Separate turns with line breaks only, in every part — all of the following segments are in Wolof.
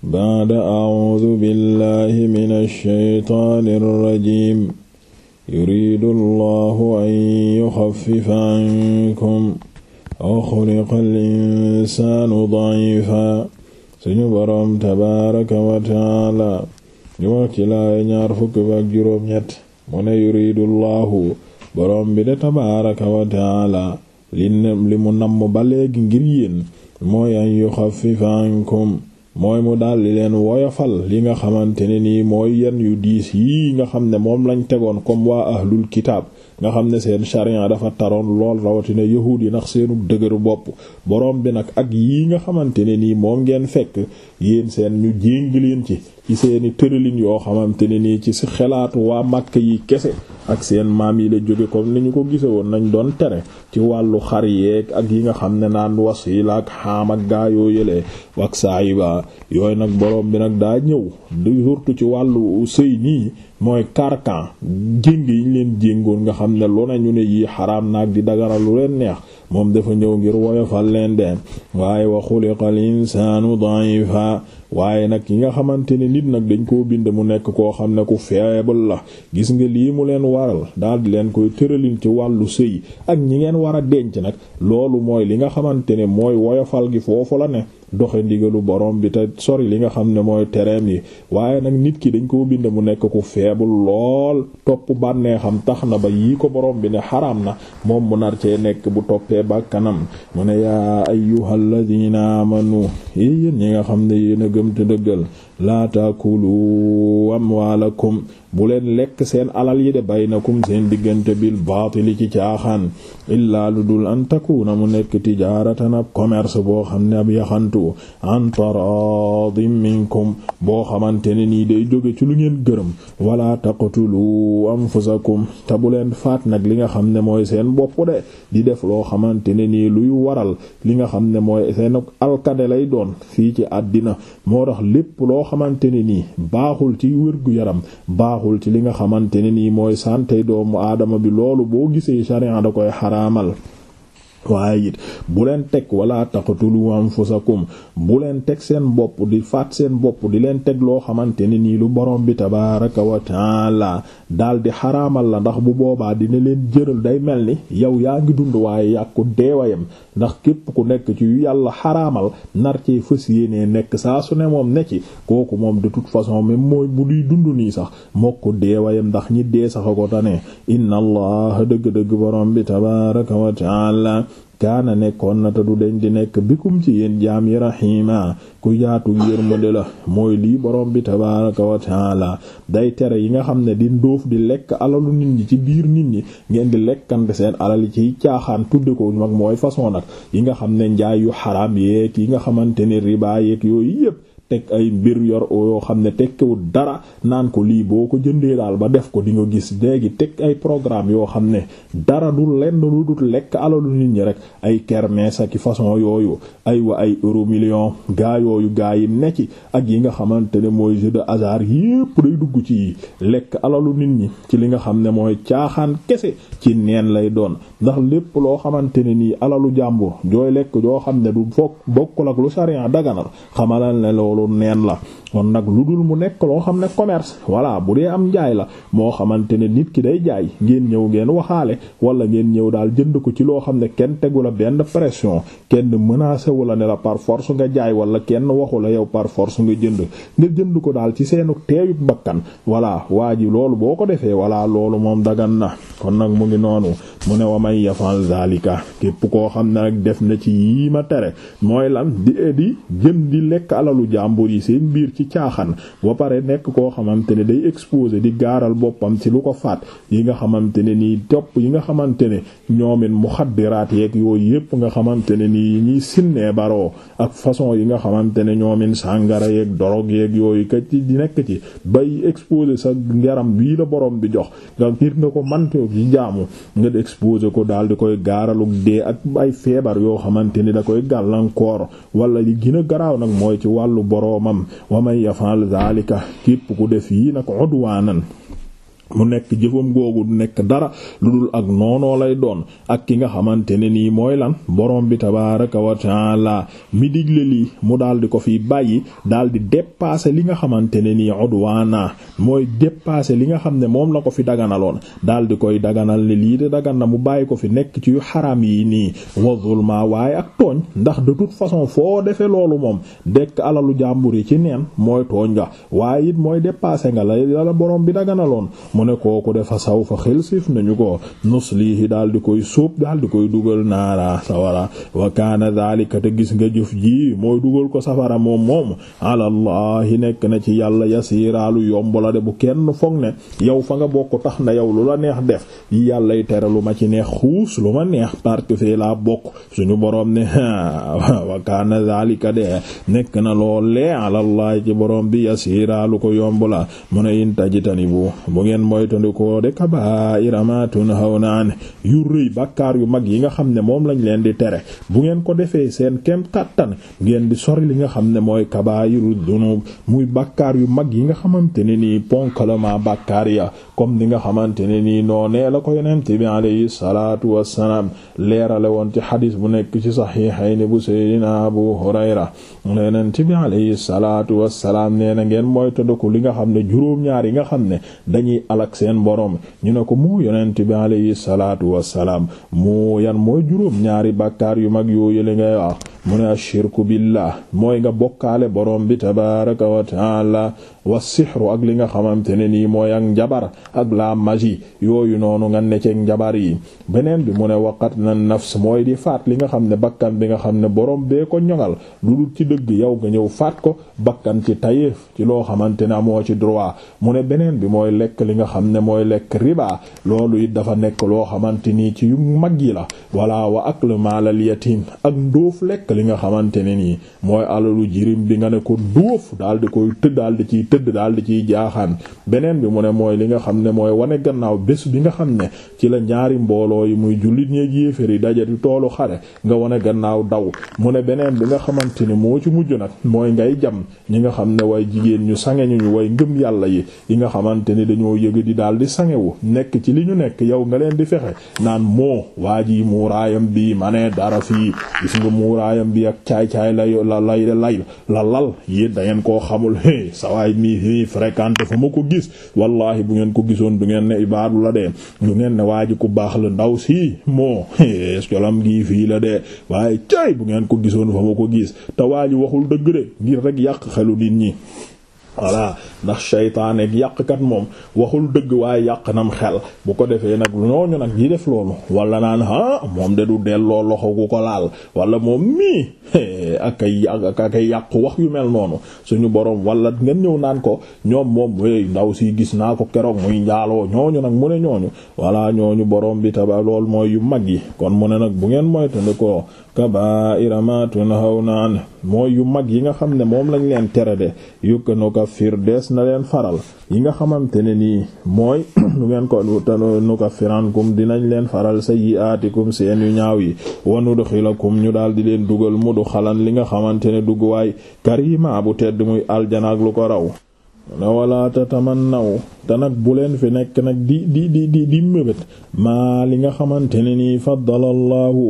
baada acuudu billahi min alsheytaani an yuxafifa ankum wa xuliqa alinsaanu dacifa suñu boroom tabaaraka wa taala ñu wax ci laaya ñaar fukk juróom-ñett mu yuridu allahu boroom bi de tabaaraka wa li mu namm ba léegi ngir yéen mooy an yuxafifa ankum mooy mu daldi leen woyofal li nga xamante ne nii mooy yen yu diis yii nga xam ne moom lañ tegoon comme waa ahlul kitaab nga xam ne seen charia dafa taroon lool rawatina yahuud yi ndax seenu dëgëru bopp boroom bi nag ak yii nga xamante ne nii moom ngeen fekk yéen seen ñu jéng leen ci ci seeni tëralin yoo xamante ne nii ci si xelaatu waa màkk yi kese ak seen maam yi la jóge comme ni ñu ko gise woon nañ doon tere ci wàllu xar yeeg ak yi nga xam ne naan wasiila ak xaam ak gaa yoo yëlee ak saayiba yooyu nag borom bi nag daa ñëw du surtout ci wàllu sëy nii mooy carcan jéng yi ñu leen jéngoon nga xam ne lu ne ñu ne yii xaraam naag di dagara lu leen neex moom dafa ñëw ngir woyofal leen de waaye wa xuliqal insaanu da'ifa waaye nag yi nga xamante ne nit nag dañ koo bind mu nekk koo xam ne ku feebal la gis nga lii mu leen waral daal di leen koy tëralin ci wàllu sëy ak ñi ngeen war a denc nag loolu mooy li nga xamante ne mooy woyofal gi foofu la ne doxe ndigalu borom bi te sori li nga xam ne mooy tereem yi waaye nag nit ki dañ koo bind mu nekk ku feebul lool topp bànneexam tax na ba yii ko borom bi ne xaraam na moom mu nar cee nekk bu toppee bàkkanam mu ne yaa ayyuhal ladina amanu yéen ñi nga xam ne yéen a gëm te dëggal laa taakulu amwaalakum bu leen lekk seen alal yi de baynakum seen diggante bil baatili ci caaxaan illaa lu dul an takuuna mu nekk tijaaratan ab commerce boo xam ne ab yaxantu an taradim minkum boo xamante ne nii day jóge ci lu ngeen gërëm wala taqtulu anfusakum te bu leen faat nag li nga xam ne mooy seen bopp de di def loo xamante ne nii luy waral li nga xam ne mooy seen alkade lay doon fii ci àddina moo tax lépp loo xamante ne nii baaxul ci wérgu yaram baaxul ci li nga xamante ne nii mooy sante doomu aadama bi loolu boo gisee sharia da koy xaraamal waaye it bu leen teg wala taqtulu anfusakum bu leen teg seen bopp di faat seen bopp di leen teg loo xamante ne nii lu borom bi tabaaraka wa taala daal di xaraamal la ndax bu boobaa dina leen jëral day mel ni yow yaa ngi dund waaye yàqu deewayam ndax képp ku nekk ci yu yàlla xaraamal nar cee fës yéenee nekk saa su ne moom ne ci kooku moom de toute façon même mooy bu duy dund nii sax mokk deewayam ndax ñi dee sax a ko tane inna allah dëgg-dëgg borom kaana nekkoon na du deñ di nekk bikum ci yéen jaam yi raxiima ku yaatu yërmande la mooy lii borom bi tabaaraka wa taala day tere yi nga xam ne di ndóof di lekk alalu nit ñi ci biir nit ñi ngeen di lekkante seen alal yi ciy caaxaan tudd ko mag mooy façon nag yi nga xam ne njaay yu xaraam yeeg yi nga xamante ne riba yeeg yooyu yépp teg ay mbir yor yoo xam ne tekkiwul dara naan ko lii boo ko jëndee daal ba def ko di nga gis léegi teg ay programme yoo xam ne dara du lenn lu dul lekk alalu nit ñi rek ay kermesse ak façon yooyu ay wa ay euro million gaa yooyu gaa yi ne ci ak yi nga xamante ne mooy jeu de hasard yépp day dugg ci lekk alalu nit ñi ci li nga xam ne mooy caaxaan kese ci neen lay doon ndax lépp loo xamante ne nii alalu jàmbur jooy lekk joo xam ne du fokk bokkul ak lu sariya daganal loolu neen la kon nag lu dul mu nekk loo xam ne commerce voilà bu dee am njaay la moo xamante ne nit ki day jaay ngeen ñëw ngeen waxaale wala ngeen ñëw daal jënd ko ci loo xam ne kenn tegu la benn pression kenn menacé wu la ne la par force nga jaay wala kenn waxu la yow par force nga jënd nga jënd ko daal ci seenu teeyu bakkan voilà waa ji loolu boo ko defee voilà loolu moom dagan na kon nag mu ngi noonu mu ne wa may yafal zalika képp koo xam ne nag def na ci yii ma tere mooy lan jàmbur yi seen biir ci caaxaan ba pare nekk koo xamante ne day exposé di gaaral boppam ci lu ko faat yi nga xamante ne nii topp yi nga xamante ne ñoomin muxaddiraat yeeg yooyu yépp nga xamante ne nii ñuy sinnee baroo ak façon yi nga xamante ne ñoomin sàngara yeeg dorog yeeg yooyu ka ci di nekk ci bay exposé sa yaram bii la borom bi jox nga ngir nga ko mantoo ci jaamu nga exposé ko daal di koy gaaralug dee ak ay feebar yoo xamante da koy gàllankoor wala li gën garaaw nag mooy ci wàllu borom boroomam wa man yafal zalika képp ku def yi nag udwaanan mu nekk jëfam googu du nekk dara lu dul ak noonoo lay doon ak ki nga xamante ne nii mooy lan borom bi tabaaraka wa taala mi digle lii mu daal di ko fi bàyyi daal di dépasser li nga xamante ne nii udwaana mooy dépasser li nga xam ne moom la ko fi daganaloon daal di koy daganal ne lii de dagan na mu bàyyi ko fi nekk ci yu xaram yi nii wa waaye ak tooñ ndax de toute façon foo defee loolu moom dekk alalu jàmbur yi ci neen mooy tooñ nga waaye it mooy dépasser nga la borom bi daganaloon mu ne kooku defa saw fa xel siif nañu ko nuslihi daal di koy suub daal di koy dugal naara sawara wa kaana daalika te gis nga juf ji mooy dugal ko safara moom moom alallahi nekk na ci yàlla yasiiraalu yomb la de bu kenn foog ne yow fa nga bokk tax na yow lu la neex def yàllay yàlla tere lu ma ci neex xuus lu ma neex parce que fee laa bokk suñu boroom ne wa kaana de nekk na loolee alallahi ci boroom bi yasiiraalu ko yomb la mu ne in tajitanibu bu ngeen moytandikoo de kabaa'ira maa tunhawna an yu rëy bàkkaar yu mag yi nga xam ne moom lañ leen di tere bu ngeen ko defee seen kem kàttan ngeen di sori li nga xam ne mooy kabaa'iru dunub muy bàkkaar yu mag yi nga xamante ne nii ponkalama bàkkaar ya comme ni nga xamante ne nii noonee la ko yonent bi alayhi salaatu wassalaam leerale woon ci xadis bu nekk ci saxiixayni bu seydina Abu Hurayra yonent bi alayhi salaatu wassalaam nee na ngeen moytandiku li nga xam ne juróom-ñaar yi nga xam ne dañuy ak seen borom ñu ne ko moo yonent bi alayhi salaatu wassalaam moo yan mooy juróom ñaari bàkkaar yu mag yooyu li ngay wax mu ne ashirku billah mooy nga bokkaale borom bi tabaraka wa taala wa sixru ak li nga xamante ne nii mooy ak njabar ak la magie yooyu noonu nga necceeg njabar yi beneen bi mu ne wakkat na nafs mooy di faat li nga xam ne bakkan bi nga xam ne borom bee ko ñoŋal lu dul ci dëgg yow nga ñëw faat ko bakkan ci tayeef ci loo xamante ne amoo ci droit mu ne beneen bi mooy lekk li nga xam ne mooy lekk riba loolu it dafa nekk loo xamante nii ci yu mag yi la wala wa aklu maalal ak ndóof lekk lekk li nga xamante ne nii mooy alalu jirim bi nga ne ko duuf daal koy tëdd daal di ciy tëdd daal di ciy jaaxaan beneen bi mu ne mooy li nga xam ne mooy wane gannaaw bés bi nga xam ne ci la ñaari mbooloo yi muy jullit ñeeg yéefér yi daje di toolu xare nga wane gannaaw daw mu ne beneen bi nga xamante ne moo ci mujj nag mooy ngay jam ñi nga xam ne way jigéen ñu sange ñu ñu way ngëm yàlla yi yi nga xamante ni dañoo yëg di daal di sangewu nekk ci li ñu nekk yow nga leen di fexe naan moo waayam bi ak caay-caay la la lay lay la lal yéen da ngeen koo xamul é sa waay mi fréquenté fu ma ko gis wallahi bu ngeen ko gisoon du ngeen ne ibaadu la de du ngeen ne waa ji ku baax la ndaw si moo colam gii fii la de waaye caay bu ngeen ko gisoon fa ma ko gis te waa ji waxul dëgg de ngir rek yàq xelu nit ñi voilà ndax seytaane ak yàqkat moom waxul dëgg waaye yàq nam xel bu ko defee nag ñooñu nag yi def loolu wala naan ah moom de du delloo loxo gu ko laal wala moom mii ak ay ak ay yàqu wax yu mel noonu suñu borom wala ngeen ñëw naan ko ñoom moom wéy ndaw si gis naa ko keroog muy njaaloo ñooñu nag mu ne ñooñu voilà ñooñu borom bi taba lool mooy yu mag yi kon mu ne nag bu ngeen moytandi ko kaba'ira ma tunhawna an mooy yu mag yi nga xam ne moom lañ leen tere de yukkanuka nukaffir dees na leen faral yi nga xamante ne nii mooy nu ngeen ko nukaffirankum dinañ leen faral sayyi'aatikum seen yu ñaaw yi wa nudxilakum ñu daal di leen dugal mu mudu xalan li nga xamante ne dugg waay karima bu tedd muy aljanaak lu ko raw la wala tatamannaw te nag bu leen fi nekk nag di di di di mébét maa li nga xamante ne nii faddalallahu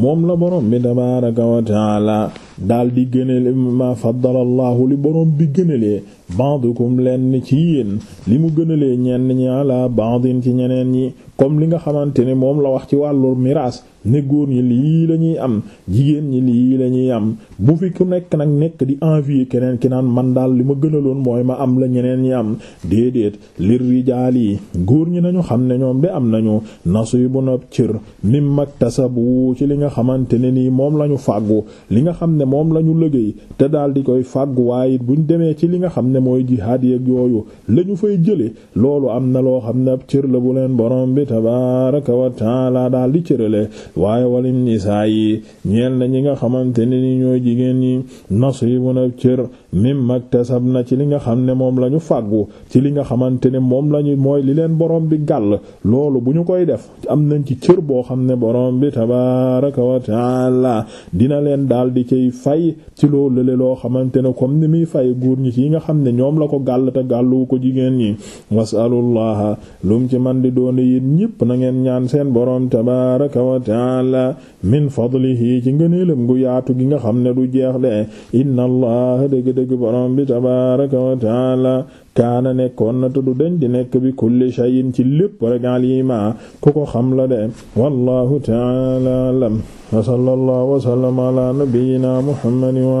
moom la borom bi tabaraka wa taala daal di gënale ma faddalallahu li borom bi gënalee ba'dukum leen ci yéen li mu gënalee ñenn ñi ala ci ñeneen ñi comme li nga xamante ne moom la wax ci wàllu miraas ne góor ñi lii lañuy am jigéen ñi lii lañuy am bu fi ku nekk nag nekk di envie keneen ki naan man daal li ma gënaloon mooy ma am la ñeneen ñi am déedéet lir rijaal yi góor ñi nañu xam ne ñoom de am nañu nasibun ab cër mag bu wuu ci li nga xamante ne nii moom lañu ñu fàggu li nga xam ne moom la ñu liggéey te daal di koy fàggu waaye it buñ demee ci li nga xam ne mooy jihaad yeeg yooyu lañu fay jëlee loolu am na loo xam ne ab cër la bu leen borom bi tabaaraka wa taala daal di cërale waaye walim nisaa yi ñeel na ñi nga xamante ne ni ñoo jigéen ñi nasibun ab cër mimma na ci li nga xam ne moom la ñu fàggu ci li nga xamante ne moom lañu mooy li leen borom bi gàll loolu bu ñu koy def am nañ ci cër boo xam ne borom bi tabaraka wa taala dina leen daal di cay fay ci loolu loo xamante ne comme ni muy fay góor ñi ci yi nga xam ne ñoom la ko gàll te gàlluwu ko jigéen ñi wasalullaha lum ci man di doon yeen ñépp na ngeen ñaan seen borom taala min fadlihi ci ngëneelam gu yaatu gi nga xam ne du jeex de inna allah dëgg-dëgg borom bi tabaraka wa taala kaana nekkoon na te du dañ di nekk bi kulli shay'in ci lépp rek alima ku ko xam la de wallahu taala alam wa sallallahu wa sallama ala nabiyyina muhammadin wa